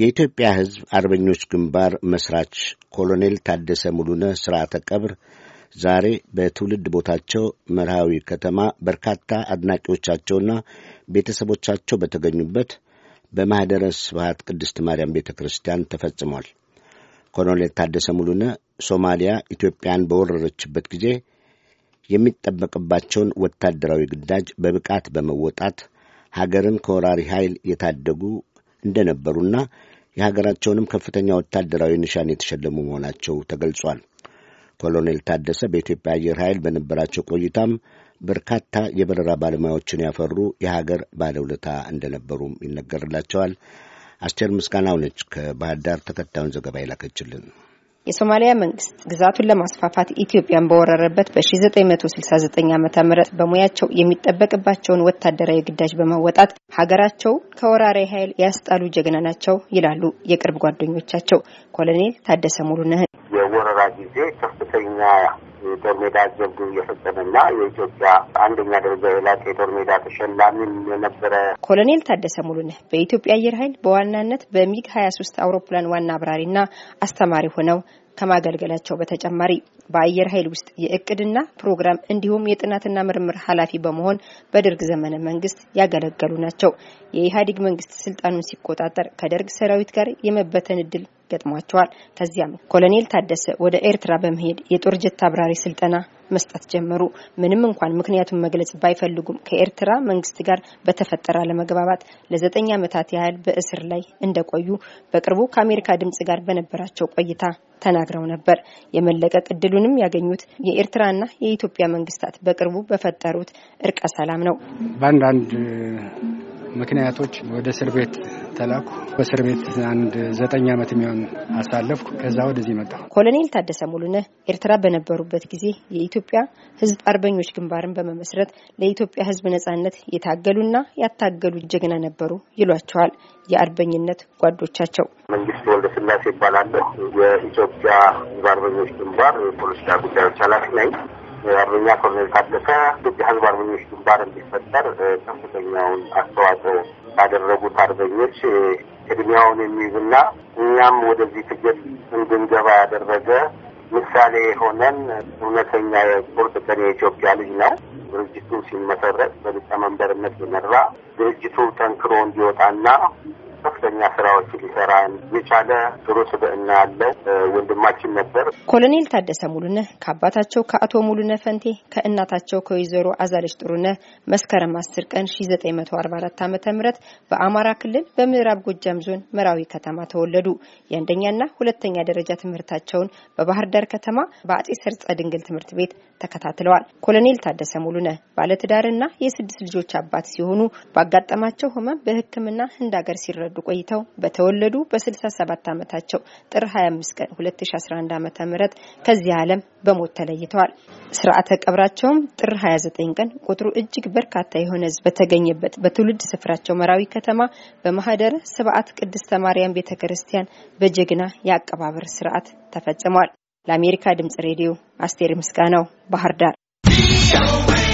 የኢትዮጵያ ሕዝብ አርበኞች ግንባር መስራች ኮሎኔል ታደሰ ሙሉነ ሥርዓተ ቀብር ዛሬ በትውልድ ቦታቸው መርሃዊ ከተማ በርካታ አድናቂዎቻቸውና ቤተሰቦቻቸው በተገኙበት በማኅደረ ስብሐት ቅድስት ማርያም ቤተ ክርስቲያን ተፈጽሟል። ኮሎኔል ታደሰ ሙሉነ ሶማሊያ ኢትዮጵያን በወረረችበት ጊዜ የሚጠበቅባቸውን ወታደራዊ ግዳጅ በብቃት በመወጣት ሀገርን ከወራሪ ኃይል የታደጉ እንደነበሩና የሀገራቸውንም ከፍተኛ ወታደራዊ ንሻን የተሸለሙ መሆናቸው ተገልጿል። ኮሎኔል ታደሰ በኢትዮጵያ አየር ኃይል በነበራቸው ቆይታም በርካታ የበረራ ባለሙያዎችን ያፈሩ የሀገር ባለውለታ እንደነበሩም ይነገርላቸዋል። አስቴር ምስጋናው ነች ከባህር ዳር ተከታዩን ዘገባ ይላከችልን። የሶማሊያ መንግስት ግዛቱን ለማስፋፋት ኢትዮጵያን በወረረበት በ1969 ዓ ም በሙያቸው የሚጠበቅባቸውን ወታደራዊ ግዳጅ በማወጣት ሀገራቸው ከወራሪ ኃይል ያስጣሉ ጀግና ናቸው ይላሉ የቅርብ ጓደኞቻቸው ኮሎኔል ታደሰ ሙሉነህን። የወረራ ጊዜ ከፍተኛ የጦር ሜዳ ጀብዱ እየፈጸመና የኢትዮጵያ አንደኛ ደረጃ የላቀ የጦር ሜዳ ተሸላሚም የነበረ ኮሎኔል ታደሰ ሙሉነህ በኢትዮጵያ አየር ኃይል በዋናነት በሚግ ሀያ ሶስት አውሮፕላን ዋና አብራሪና አስተማሪ ሆነው ከማገልገላቸው በተጨማሪ በአየር ኃይል ውስጥ የእቅድና ፕሮግራም እንዲሁም የጥናትና ምርምር ኃላፊ በመሆን በደርግ ዘመነ መንግስት ያገለገሉ ናቸው። የኢህአዴግ መንግስት ስልጣኑን ሲቆጣጠር ከደርግ ሰራዊት ጋር የመበተን እድል ገጥሟቸዋል። ከዚያም ኮሎኔል ታደሰ ወደ ኤርትራ በመሄድ የጦር ጀት አብራሪ ስልጠና መስጠት ጀመሩ። ምንም እንኳን ምክንያቱን መግለጽ ባይፈልጉም ከኤርትራ መንግስት ጋር በተፈጠረ አለመግባባት ለዘጠኝ ዓመታት ያህል በእስር ላይ እንደቆዩ በቅርቡ ከአሜሪካ ድምጽ ጋር በነበራቸው ቆይታ ተናግረው ነበር። የመለቀቅ እድሉንም ያገኙት የኤርትራና የኢትዮጵያ መንግስታት በቅርቡ በፈጠሩት እርቀ ሰላም ነው። በአንዳንድ ምክንያቶች ወደ እስር ቤት ተላኩ። በእስር ቤት አንድ ዘጠኝ ዓመት የሚሆን አሳለፍኩ። ከዛ ወደዚህ መጣሁ። ኮሎኔል ታደሰ ሙሉነህ ኤርትራ በነበሩበት ጊዜ የኢትዮጵያ ሕዝብ አርበኞች ግንባርን በመመስረት ለኢትዮጵያ ሕዝብ ነጻነት የታገሉና ያታገሉ ጀግና ነበሩ ይሏቸዋል የአርበኝነት ጓዶቻቸው። መንግስት ወልደ ስላሴ ይባላለሁ። የኢትዮጵያ ሕዝብ አርበኞች ግንባር የፖለቲካ ጉዳዮች ኃላፊ ነኝ። የአርበኛ ኮሎኔል ታደሰ ኢትዮጵያ ህዝብ አርበኞች ግንባር እንዲፈጠር ከፍተኛውን አስተዋጽኦ ባደረጉት አርበኞች እድሜያውን የሚይዝና እኛም ወደዚህ ትግል እንድንገባ ያደረገ ምሳሌ የሆነን እውነተኛ የቁርጥ ቀን የኢትዮጵያ ልጅ ነው። ድርጅቱ ሲመሰረት በሊቀመንበርነት የመራ ድርጅቱ ጠንክሮ እንዲወጣና ከፍተኛ ስራዎች ሊሰራ የቻለ ጥሩ ስብዕና ያለው ወንድማችን ነበር። ኮሎኔል ታደሰ ሙሉነ ከአባታቸው ከአቶ ሙሉነ ፈንቴ ከእናታቸው ከወይዘሮ አዛለች ጥሩነ መስከረም አስር ቀን ሺ ዘጠኝ መቶ አርባ አራት አመተ ምህረት በአማራ ክልል በምዕራብ ጎጃም ዞን መራዊ ከተማ ተወለዱ። የአንደኛና ሁለተኛ ደረጃ ትምህርታቸውን በባህር ዳር ከተማ በአጼ ሰርጸ ድንግል ትምህርት ቤት ተከታትለዋል። ኮሎኔል ታደሰ ሙሉነ ባለትዳርና የስድስት ልጆች አባት ሲሆኑ ባጋጠማቸው ህመም በሕክምና ህንድ ሀገር ሲረዱ ቆይተው በተወለዱ በ67 ዓመታቸው ጥር 25 ቀን 2011 ዓ.ም ከዚህ ዓለም በሞት ተለይተዋል። ስርዓተ ቀብራቸውም ጥር 29 ቀን ቁጥሩ እጅግ በርካታ የሆነ ህዝብ በተገኘበት በትውልድ ስፍራቸው መራዊ ከተማ በማህደረ ስብዓት ቅድስተ ማርያም ቤተክርስቲያን በጀግና የአቀባበር ስርዓት ተፈጽሟል። ለአሜሪካ ድምጽ ሬዲዮ አስቴር ምስጋናው ባህር ዳር